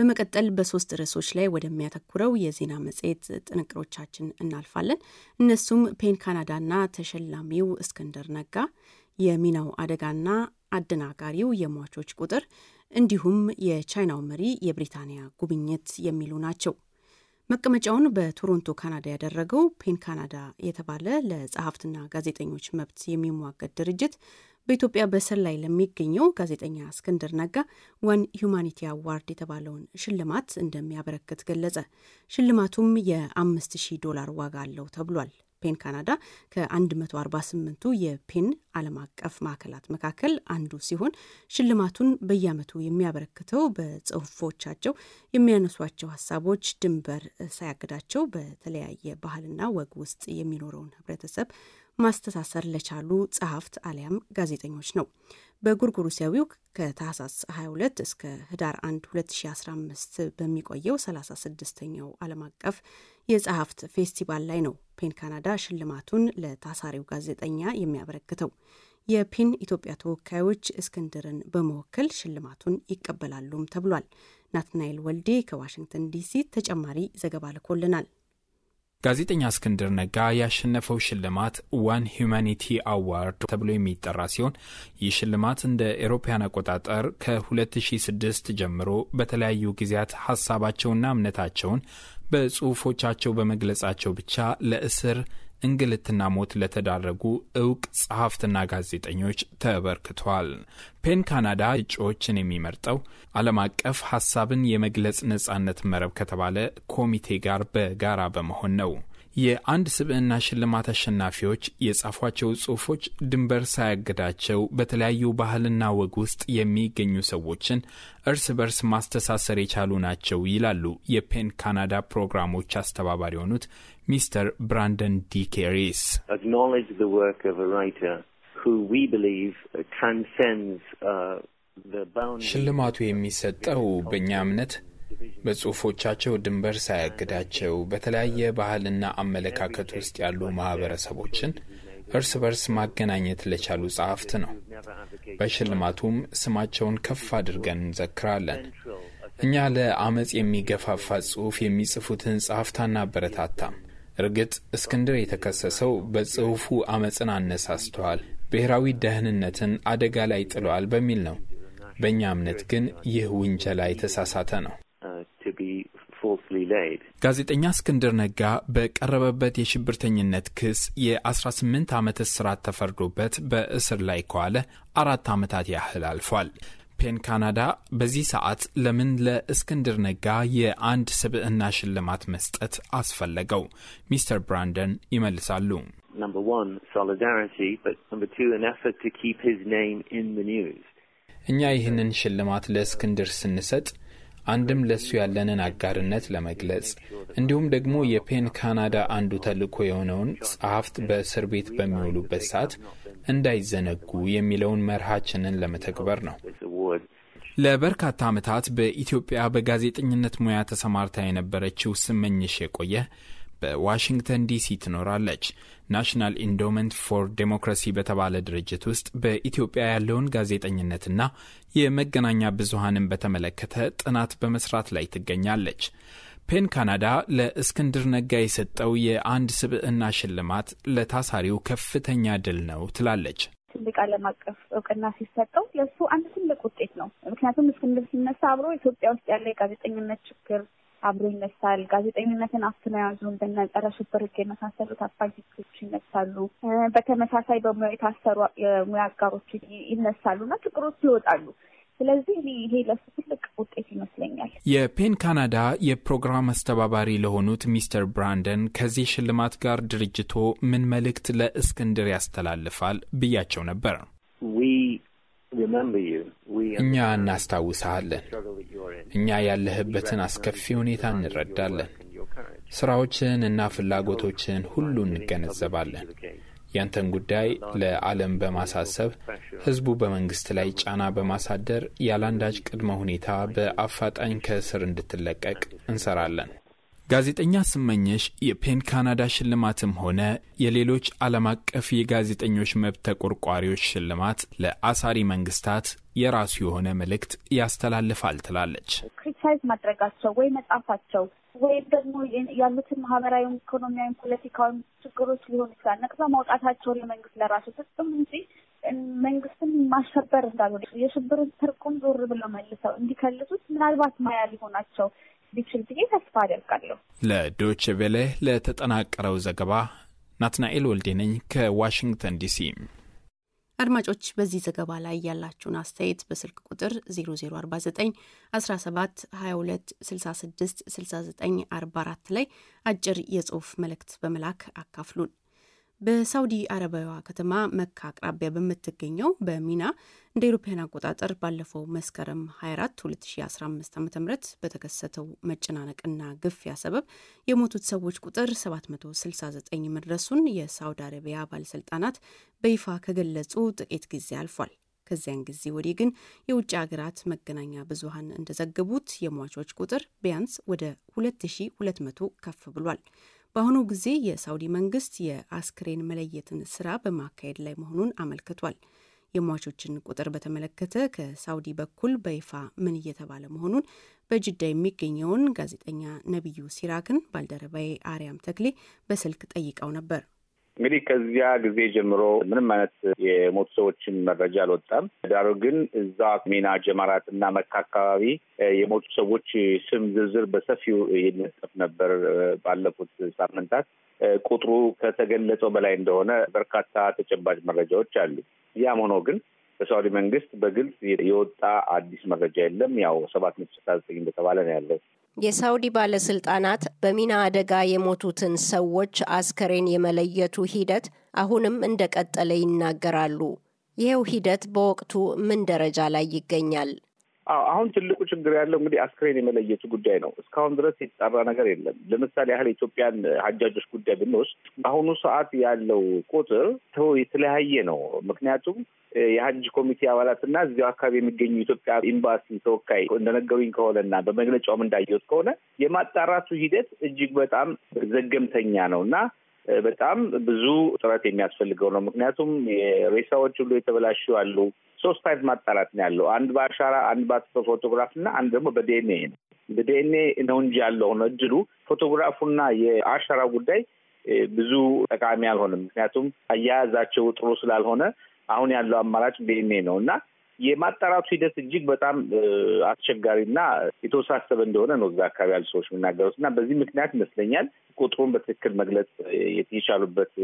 በመቀጠል በሶስት ርዕሶች ላይ ወደሚያተኩረው የዜና መጽሔት ጥንቅሮቻችን እናልፋለን። እነሱም ፔን ካናዳና ተሸላሚው እስክንድር ነጋ፣ የሚናው አደጋና አደናጋሪው የሟቾች ቁጥር እንዲሁም የቻይናው መሪ የብሪታንያ ጉብኝት የሚሉ ናቸው። መቀመጫውን በቶሮንቶ ካናዳ ያደረገው ፔን ካናዳ የተባለ ለጸሐፍትና ጋዜጠኞች መብት የሚሟገድ ድርጅት በኢትዮጵያ በእስር ላይ ለሚገኘው ጋዜጠኛ እስክንድር ነጋ ዋን ሁማኒቲ አዋርድ የተባለውን ሽልማት እንደሚያበረክት ገለጸ። ሽልማቱም የ ሺህ ዶላር ዋጋ አለው ተብሏል። ፔን ካናዳ ከ148ቱ የፔን ዓለም አቀፍ ማዕከላት መካከል አንዱ ሲሆን ሽልማቱን በየዓመቱ የሚያበረክተው በጽሁፎቻቸው የሚያነሷቸው ሀሳቦች ድንበር ሳያግዳቸው በተለያየ ባህልና ወግ ውስጥ የሚኖረውን ህብረተሰብ ማስተሳሰር ለቻሉ ጸሐፍት አሊያም ጋዜጠኞች ነው። በጉርጉሩሲያዊው ከታህሳስ 22 እስከ ህዳር 1 2015 በሚቆየው 36ኛው ዓለም አቀፍ የጸሐፍት ፌስቲቫል ላይ ነው ፔን ካናዳ ሽልማቱን ለታሳሪው ጋዜጠኛ የሚያበረክተው። የፔን ኢትዮጵያ ተወካዮች እስክንድርን በመወከል ሽልማቱን ይቀበላሉም ተብሏል። ናትናኤል ወልዴ ከዋሽንግተን ዲሲ ተጨማሪ ዘገባ ልኮልናል። ጋዜጠኛ እስክንድር ነጋ ያሸነፈው ሽልማት ዋን ሂዩማኒቲ አዋርድ ተብሎ የሚጠራ ሲሆን ይህ ሽልማት እንደ ኤሮፓያን አቆጣጠር ከ2006 ጀምሮ በተለያዩ ጊዜያት ሀሳባቸውና እምነታቸውን በጽሁፎቻቸው በመግለጻቸው ብቻ ለእስር እንግልትና ሞት ለተዳረጉ እውቅ ጸሐፍትና ጋዜጠኞች ተበርክቷል። ፔን ካናዳ እጩዎችን የሚመርጠው ዓለም አቀፍ ሐሳብን የመግለጽ ነጻነት መረብ ከተባለ ኮሚቴ ጋር በጋራ በመሆን ነው። የአንድ ስብዕና ሽልማት አሸናፊዎች የጻፏቸው ጽሑፎች ድንበር ሳያግዳቸው በተለያዩ ባህልና ወግ ውስጥ የሚገኙ ሰዎችን እርስ በርስ ማስተሳሰር የቻሉ ናቸው ይላሉ የፔን ካናዳ ፕሮግራሞች አስተባባሪ የሆኑት ሚስተር ብራንደን ዲ ኬሪስ። uh, uh, ሽልማቱ የሚሰጠው በእኛ እምነት በጽሁፎቻቸው ድንበር ሳያግዳቸው በተለያየ ባህልና አመለካከት ውስጥ ያሉ ማህበረሰቦችን እርስ በርስ ማገናኘት ለቻሉ ጸሐፍት ነው። በሽልማቱም ስማቸውን ከፍ አድርገን እንዘክራለን። እኛ ለአመፅ የሚገፋፋ ጽሁፍ የሚጽፉትን ጸሐፍት አናበረታታም። እርግጥ እስክንድር የተከሰሰው በጽሁፉ አመፅን አነሳስተዋል፣ ብሔራዊ ደህንነትን አደጋ ላይ ጥለዋል በሚል ነው። በእኛ እምነት ግን ይህ ውንጀላ የተሳሳተ ነው። ጋዜጠኛ እስክንድር ነጋ በቀረበበት የሽብርተኝነት ክስ የ18 ዓመት እስራት ተፈርዶበት በእስር ላይ ከዋለ አራት ዓመታት ያህል አልፏል። ፔን ካናዳ በዚህ ሰዓት ለምን ለእስክንድር ነጋ የአንድ ስብዕና ሽልማት መስጠት አስፈለገው? ሚስተር ብራንደን ይመልሳሉ። እኛ ይህንን ሽልማት ለእስክንድር ስንሰጥ አንድም ለእሱ ያለንን አጋርነት ለመግለጽ እንዲሁም ደግሞ የፔን ካናዳ አንዱ ተልኮ የሆነውን ጸሐፍት በእስር ቤት በሚውሉበት ሰዓት እንዳይዘነጉ የሚለውን መርሃችንን ለመተግበር ነው። ለበርካታ ዓመታት በኢትዮጵያ በጋዜጠኝነት ሙያ ተሰማርታ የነበረችው ስመኝሽ የቆየ በዋሽንግተን ዲሲ ትኖራለች። ናሽናል ኢንዶመንት ፎር ዴሞክራሲ በተባለ ድርጅት ውስጥ በኢትዮጵያ ያለውን ጋዜጠኝነትና የመገናኛ ብዙሀንን በተመለከተ ጥናት በመስራት ላይ ትገኛለች። ፔን ካናዳ ለእስክንድር ነጋ የሰጠው የአንድ ስብዕና ሽልማት ለታሳሪው ከፍተኛ ድል ነው ትላለች። ትልቅ ዓለም አቀፍ እውቅና ሲሰጠው ለእሱ አንድ ትልቅ ውጤት ነው። ምክንያቱም እስክንድር ሲነሳ አብሮ ኢትዮጵያ ውስጥ ያለ የጋዜጠኝነት ችግር አብሮ ይነሳል። ጋዜጠኝነትን አፍኖ የያዙ እንደነ ጸረ ሽብር ሕግ የመሳሰሉት አባይቶች ይነሳሉ። በተመሳሳይ በሙያ የታሰሩ የሙያ አጋሮች ይነሳሉና ትቅሮች ይወጣሉ። ስለዚህ ይሄ ለሱ ትልቅ ውጤት ይመስለኛል። የፔን ካናዳ የፕሮግራም አስተባባሪ ለሆኑት ሚስተር ብራንደን ከዚህ ሽልማት ጋር ድርጅቶ ምን መልእክት ለእስክንድር ያስተላልፋል ብያቸው ነበር። እኛ እናስታውሳለን? እኛ ያለህበትን አስከፊ ሁኔታ እንረዳለን። ስራዎችን እና ፍላጎቶችን ሁሉ እንገነዘባለን። ያንተን ጉዳይ ለዓለም በማሳሰብ ህዝቡ በመንግሥት ላይ ጫና በማሳደር ያለአንዳች ቅድመ ሁኔታ በአፋጣኝ ከእስር እንድትለቀቅ እንሰራለን። ጋዜጠኛ ስመኘሽ የፔን ካናዳ ሽልማትም ሆነ የሌሎች ዓለም አቀፍ የጋዜጠኞች መብት ተቆርቋሪዎች ሽልማት ለአሳሪ መንግስታት የራሱ የሆነ መልእክት ያስተላልፋል ትላለች። ክሪቲሳይዝ ማድረጋቸው ወይ መጻፋቸው ወይም ደግሞ ያሉትን ማህበራዊ፣ ኢኮኖሚያዊ፣ ፖለቲካዊ ችግሮች ሊሆን ይችላል ነቅሰው ማውጣታቸው የመንግስት ለራሱ ፍጹም እንጂ መንግስትን ማሸበር እንዳልሆነ የሽብርን ትርቁም ዞር ብለው መልሰው እንዲከልሱት ምናልባት ማያ ሊሆናቸው ቢችል ብዬ ተስፋ አደርጋለሁ። ለዶች ቬለ ለተጠናቀረው ዘገባ ናትናኤል ወልዴ ነኝ ከዋሽንግተን ዲሲ። አድማጮች በዚህ ዘገባ ላይ ያላችሁን አስተያየት በስልክ ቁጥር 0049 17 22 66 69 44 ላይ አጭር የጽሑፍ መልእክት በመላክ አካፍሉን። በሳውዲ አረቢያዋ ከተማ መካ አቅራቢያ በምትገኘው በሚና እንደ አውሮፓውያን አቆጣጠር ባለፈው መስከረም 24 2015 ዓ ም በተከሰተው መጨናነቅና ግፊያ ሰበብ የሞቱት ሰዎች ቁጥር 769 መድረሱን የሳውዲ አረቢያ ባለስልጣናት በይፋ ከገለጹ ጥቂት ጊዜ አልፏል። ከዚያን ጊዜ ወዲህ ግን የውጭ ሀገራት መገናኛ ብዙሀን እንደዘገቡት የሟቾች ቁጥር ቢያንስ ወደ 2200 ከፍ ብሏል። በአሁኑ ጊዜ የሳውዲ መንግስት የአስክሬን መለየትን ስራ በማካሄድ ላይ መሆኑን አመልክቷል። የሟቾችን ቁጥር በተመለከተ ከሳውዲ በኩል በይፋ ምን እየተባለ መሆኑን በጅዳ የሚገኘውን ጋዜጠኛ ነቢዩ ሲራክን ባልደረባዬ አርያም ተክሌ በስልክ ጠይቀው ነበር። እንግዲህ ከዚያ ጊዜ ጀምሮ ምንም አይነት የሞቱ ሰዎችን መረጃ አልወጣም። ዳሩ ግን እዛ ሚና ጀማራት እና መካ አካባቢ የሞቱ ሰዎች ስም ዝርዝር በሰፊው ይነጠፍ ነበር። ባለፉት ሳምንታት ቁጥሩ ከተገለጸው በላይ እንደሆነ በርካታ ተጨባጭ መረጃዎች አሉ። ያም ሆኖ ግን በሳኡዲ መንግስት በግልጽ የወጣ አዲስ መረጃ የለም። ያው ሰባት ነጥብ ስልሳ ዘጠኝ እንደተባለ ነው ያለው። የሳውዲ ባለስልጣናት በሚና አደጋ የሞቱትን ሰዎች አስከሬን የመለየቱ ሂደት አሁንም እንደቀጠለ ይናገራሉ። ይኸው ሂደት በወቅቱ ምን ደረጃ ላይ ይገኛል? አሁን ትልቁ ችግር ያለው እንግዲህ አስክሬን የመለየቱ ጉዳይ ነው። እስካሁን ድረስ የተጣራ ነገር የለም። ለምሳሌ ያህል የኢትዮጵያን ሀጃጆች ጉዳይ ብንወስድ በአሁኑ ሰዓት ያለው ቁጥር የተለያየ ነው። ምክንያቱም የሀጅ ኮሚቴ አባላትና እዚያው አካባቢ የሚገኙ ኢትዮጵያ ኤምባሲ ተወካይ እንደነገሩኝ ከሆነና በመግለጫውም እንዳየሁት ከሆነ የማጣራቱ ሂደት እጅግ በጣም ዘገምተኛ ነው እና በጣም ብዙ ጥረት የሚያስፈልገው ነው። ምክንያቱም ሬሳዎች ሁሉ የተበላሹ አሉ። ሶስት አይነት ማጣራት ነው ያለው። አንድ በአሻራ አንድ ፎቶግራፍ እና አንድ ደግሞ በዲኤንኤ ነው። በዲኤንኤ ነው እንጂ ያለው ነው እድሉ ፎቶግራፉና የአሻራ ጉዳይ ብዙ ጠቃሚ አልሆነም። ምክንያቱም አያያዛቸው ጥሩ ስላልሆነ አሁን ያለው አማራጭ ዲኤንኤ ነው እና የማጣራቱ ሂደት እጅግ በጣም አስቸጋሪና የተወሳሰበ እንደሆነ ነው እዛ አካባቢ ያሉ ሰዎች የሚናገሩት እና በዚህ ምክንያት ይመስለኛል ቁጥሩን በትክክል መግለጽ የተቻሉበት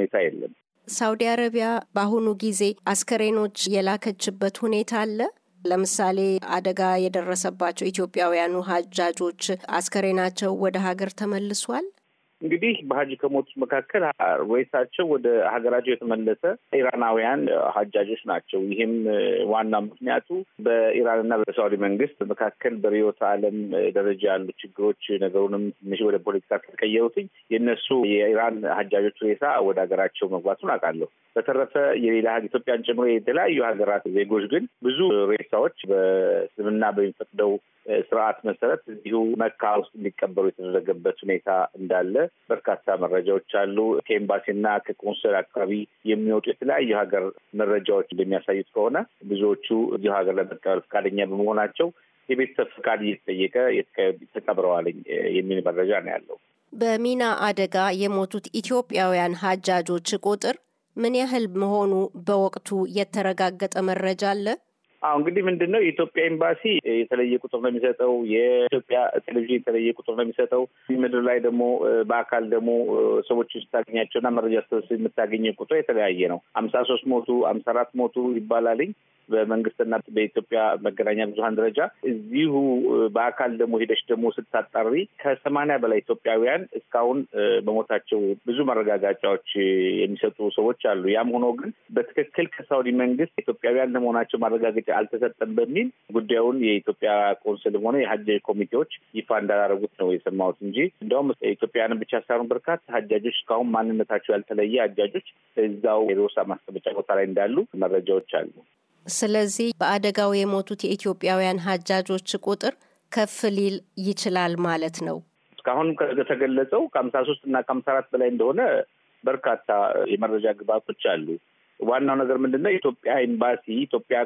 ሁኔታ የለም። ሳውዲ አረቢያ በአሁኑ ጊዜ አስከሬኖች የላከችበት ሁኔታ አለ። ለምሳሌ አደጋ የደረሰባቸው ኢትዮጵያውያኑ ሀጃጆች አስከሬናቸው ወደ ሀገር ተመልሷል። እንግዲህ በሀጅ ከሞቱ መካከል ሬሳቸው ወደ ሀገራቸው የተመለሰ ኢራናውያን ሀጃጆች ናቸው። ይህም ዋና ምክንያቱ በኢራንና በሳዑዲ መንግስት መካከል በርዕዮተ ዓለም ደረጃ ያሉ ችግሮች ነገሩንም ትንሽ ወደ ፖለቲካ ከተቀየሩትኝ የእነሱ የኢራን ሀጃጆች ሬሳ ወደ ሀገራቸው መግባቱን አውቃለሁ። በተረፈ የሌላ ኢትዮጵያን ጨምሮ የተለያዩ ሀገራት ዜጎች ግን ብዙ ሬሳዎች በእስልምና በሚፈቅደው ስርዓት መሰረት እዚሁ መካ ውስጥ እንዲቀበሩ የተደረገበት ሁኔታ እንዳለ በርካታ መረጃዎች አሉ። ከኤምባሲና ከቆንስል አካባቢ የሚወጡ የተለያዩ ሀገር መረጃዎች እንደሚያሳዩት ከሆነ ብዙዎቹ እዚሁ ሀገር ለመቀበል ፈቃደኛ በመሆናቸው የቤተሰብ ፈቃድ እየተጠየቀ ተቀብረዋለኝ የሚል መረጃ ነው ያለው። በሚና አደጋ የሞቱት ኢትዮጵያውያን ሀጃጆች ቁጥር ምን ያህል መሆኑ በወቅቱ የተረጋገጠ መረጃ አለ? አሁ እንግዲህ ምንድን ነው የኢትዮጵያ ኤምባሲ የተለየ ቁጥር ነው የሚሰጠው። የኢትዮጵያ ቴሌቪዥን የተለየ ቁጥር ነው የሚሰጠው። ምድር ላይ ደግሞ በአካል ደግሞ ሰዎችን ስታገኛቸውና መረጃ ስ የምታገኘ ቁጥር የተለያየ ነው። አምሳ ሶስት ሞቱ አምሳ አራት ሞቱ ይባላልኝ በመንግስትና በኢትዮጵያ መገናኛ ብዙሀን ደረጃ እዚሁ በአካል ደግሞ ሄደች ደግሞ ስታጣሪ ከሰማንያ በላይ ኢትዮጵያውያን እስካሁን በሞታቸው ብዙ ማረጋጋጫዎች የሚሰጡ ሰዎች አሉ። ያም ሆኖ ግን በትክክል ከሳውዲ መንግስት ኢትዮጵያውያን ለመሆናቸው ማረጋገጫ አልተሰጠም በሚል ጉዳዩን የኢትዮጵያ ቆንስልም ሆነ የሀጅ ኮሚቴዎች ይፋ እንዳላረጉት ነው የሰማሁት እንጂ እንደውም ኢትዮጵያውያንን ብቻ ሳይሆን በርካታ ሀጃጆች እስካሁን ማንነታቸው ያልተለየ ሀጃጆች እዛው የሮሳ ማስቀመጫ ቦታ ላይ እንዳሉ መረጃዎች አሉ። ስለዚህ በአደጋው የሞቱት የኢትዮጵያውያን ሀጃጆች ቁጥር ከፍ ሊል ይችላል ማለት ነው። እስካሁን ከተገለጸው ከሀምሳ ሶስት እና ከሀምሳ አራት በላይ እንደሆነ በርካታ የመረጃ ግብዓቶች አሉ። ዋናው ነገር ምንድን ነው? የኢትዮጵያ ኤምባሲ፣ ኢትዮጵያ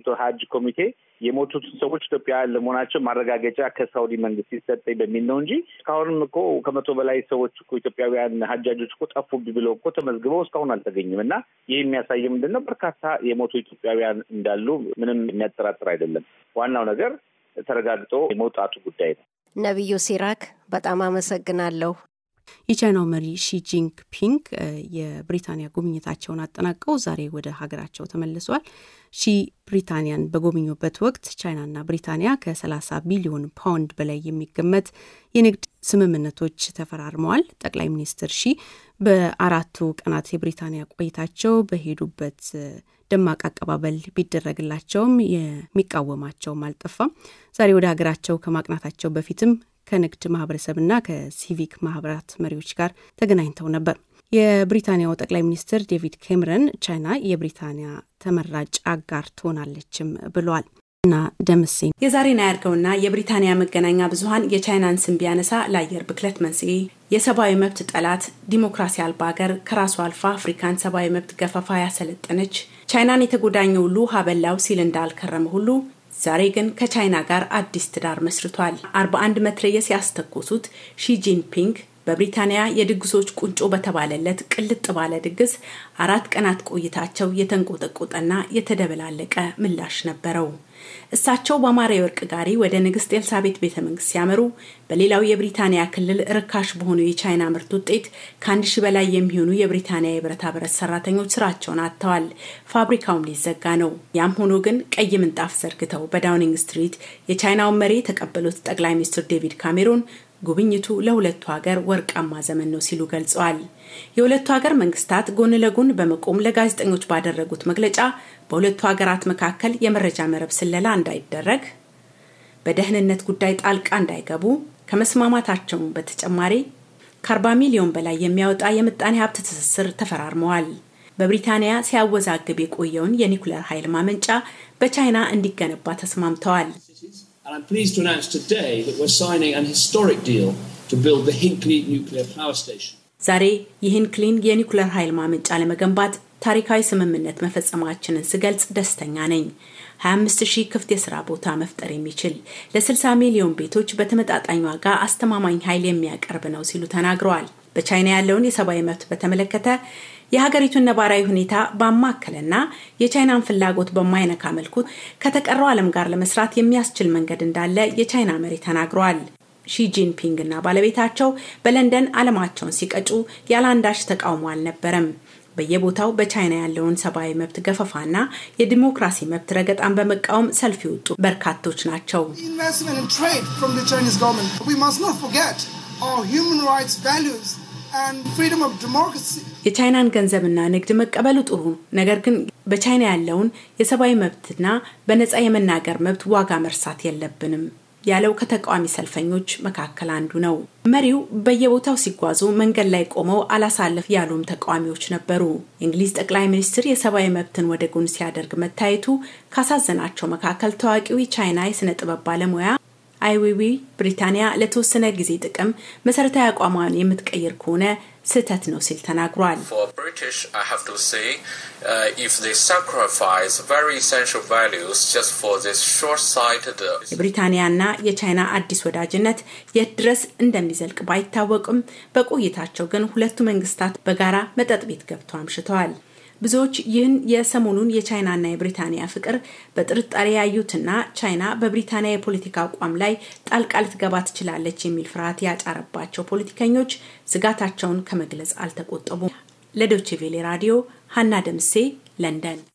ኢትዮ ሀጅ ኮሚቴ የሞቱትን ሰዎች ኢትዮጵያውያን ለመሆናቸው ማረጋገጫ ከሳውዲ መንግስት ሲሰጠ በሚል ነው እንጂ እስካሁንም እኮ ከመቶ በላይ ሰዎች እኮ ኢትዮጵያውያን ሀጃጆች እኮ ጠፉብኝ ብለው እኮ ተመዝግበው እስካሁን አልተገኝም። እና ይህ የሚያሳየው ምንድን ነው? በርካታ የሞቱ ኢትዮጵያውያን እንዳሉ ምንም የሚያጠራጥር አይደለም። ዋናው ነገር ተረጋግጦ የመውጣቱ ጉዳይ ነው። ነቢዩ ሲራክ በጣም አመሰግናለሁ። የቻይናው መሪ ሺጂንግ ፒንግ የብሪታንያ ጉብኝታቸውን አጠናቀው ዛሬ ወደ ሀገራቸው ተመልሰዋል። ሺ ብሪታንያን በጎበኙበት ወቅት ቻይናና ብሪታንያ ከ30 ቢሊዮን ፓውንድ በላይ የሚገመት የንግድ ስምምነቶች ተፈራርመዋል። ጠቅላይ ሚኒስትር ሺ በአራቱ ቀናት የብሪታንያ ቆይታቸው በሄዱበት ደማቅ አቀባበል ቢደረግላቸውም የሚቃወማቸውም አልጠፋም። ዛሬ ወደ ሀገራቸው ከማቅናታቸው በፊትም ከንግድ ማህበረሰብና ከሲቪክ ማህበራት መሪዎች ጋር ተገናኝተው ነበር። የብሪታንያው ጠቅላይ ሚኒስትር ዴቪድ ኬምረን ቻይና የብሪታንያ ተመራጭ አጋር ትሆናለችም ብለዋል። እና ደምሴ የዛሬን አያድርገውና የብሪታንያ መገናኛ ብዙሀን የቻይናን ስም ቢያነሳ ለአየር ብክለት መንስኤ፣ የሰብአዊ መብት ጠላት፣ ዲሞክራሲ አልባ ሀገር፣ ከራሱ አልፋ አፍሪካን ሰብአዊ መብት ገፈፋ ያሰለጠነች ቻይናን የተጎዳኘ ሁሉ ሀበላው ሲል እንዳልከረመ ሁሉ ዛሬ ግን ከቻይና ጋር አዲስ ትዳር መስርቷል። 41 መትረየስ ያስተኮሱት ሺጂንፒንግ በብሪታንያ የድግሶች ቁንጮ በተባለለት ቅልጥ ባለ ድግስ አራት ቀናት ቆይታቸው የተንቆጠቆጠና የተደበላለቀ ምላሽ ነበረው። እሳቸው በአማራ የወርቅ ጋሪ ወደ ንግስት ኤልሳቤት ቤተ መንግስት ሲያመሩ በሌላው የብሪታንያ ክልል ርካሽ በሆኑ የቻይና ምርት ውጤት ከአንድ ሺ በላይ የሚሆኑ የብሪታንያ የብረታ ብረት ሰራተኞች ስራቸውን አጥተዋል። ፋብሪካውም ሊዘጋ ነው። ያም ሆኖ ግን ቀይ ምንጣፍ ዘርግተው በዳውኒንግ ስትሪት የቻይናውን መሪ የተቀበሉት ጠቅላይ ሚኒስትር ዴቪድ ካሜሮን ጉብኝቱ ለሁለቱ ሀገር ወርቃማ ዘመን ነው ሲሉ ገልጸዋል። የሁለቱ ሀገር መንግስታት ጎን ለጎን በመቆም ለጋዜጠኞች ባደረጉት መግለጫ በሁለቱ ሀገራት መካከል የመረጃ መረብ ስለላ እንዳይደረግ፣ በደህንነት ጉዳይ ጣልቃ እንዳይገቡ ከመስማማታቸውም በተጨማሪ ከ40 ሚሊዮን በላይ የሚያወጣ የምጣኔ ሀብት ትስስር ተፈራርመዋል። በብሪታንያ ሲያወዛግብ የቆየውን የኒኩለር ኃይል ማመንጫ በቻይና እንዲገነባ ተስማምተዋል። And I'm pleased to announce today that we're signing an historic deal to build the Hinkley nuclear power station. ዛሬ ይህን ክሊን የኒኩለር ኃይል ማመንጫ ለመገንባት ታሪካዊ ስምምነት መፈጸማችንን ስገልጽ ደስተኛ ነኝ። 25000 ክፍት የስራ ቦታ መፍጠር የሚችል ለ60 ሚሊዮን ቤቶች በተመጣጣኝ ዋጋ አስተማማኝ ኃይል የሚያቀርብ ነው ሲሉ ተናግረዋል። በቻይና ያለውን የሰብአዊ መብት በተመለከተ የሀገሪቱን ነባራዊ ሁኔታ ባማከለና የቻይናን ፍላጎት በማይነካ መልኩ ከተቀረው ዓለም ጋር ለመስራት የሚያስችል መንገድ እንዳለ የቻይና መሪ ተናግረዋል። ሺጂንፒንግ እና ባለቤታቸው በለንደን ዓለማቸውን ሲቀጩ ያለአንዳች ተቃውሞ አልነበረም። በየቦታው በቻይና ያለውን ሰብአዊ መብት ገፈፋና የዲሞክራሲ መብት ረገጣን በመቃወም ሰልፍ የወጡ በርካቶች ናቸው። የቻይናን ገንዘብና ንግድ መቀበሉ ጥሩ፣ ነገር ግን በቻይና ያለውን የሰብአዊ መብትና በነፃ የመናገር መብት ዋጋ መርሳት የለብንም ያለው ከተቃዋሚ ሰልፈኞች መካከል አንዱ ነው። መሪው በየቦታው ሲጓዙ መንገድ ላይ ቆመው አላሳልፍ ያሉም ተቃዋሚዎች ነበሩ። የእንግሊዝ ጠቅላይ ሚኒስትር የሰብአዊ መብትን ወደ ጎን ሲያደርግ መታየቱ ካሳዘናቸው መካከል ታዋቂው የቻይና የሥነ ጥበብ ባለሙያ አይዊዊ ብሪታንያ ለተወሰነ ጊዜ ጥቅም መሰረታዊ አቋሟን የምትቀይር ከሆነ ስህተት ነው ሲል ተናግሯል። uh, uh, የብሪታንያና የቻይና አዲስ ወዳጅነት የት ድረስ እንደሚዘልቅ ባይታወቅም በቆይታቸው ግን ሁለቱ መንግስታት በጋራ መጠጥ ቤት ገብተው አምሽተዋል። ብዙዎች ይህን የሰሞኑን የቻይናና የብሪታንያ ፍቅር በጥርጣሬ ያዩትና ቻይና በብሪታንያ የፖለቲካ አቋም ላይ ጣልቃ ልትገባ ትችላለች የሚል ፍርሃት ያጫረባቸው ፖለቲከኞች ስጋታቸውን ከመግለጽ አልተቆጠቡም። ለዶችቬሌ ራዲዮ ሀና ደምሴ ለንደን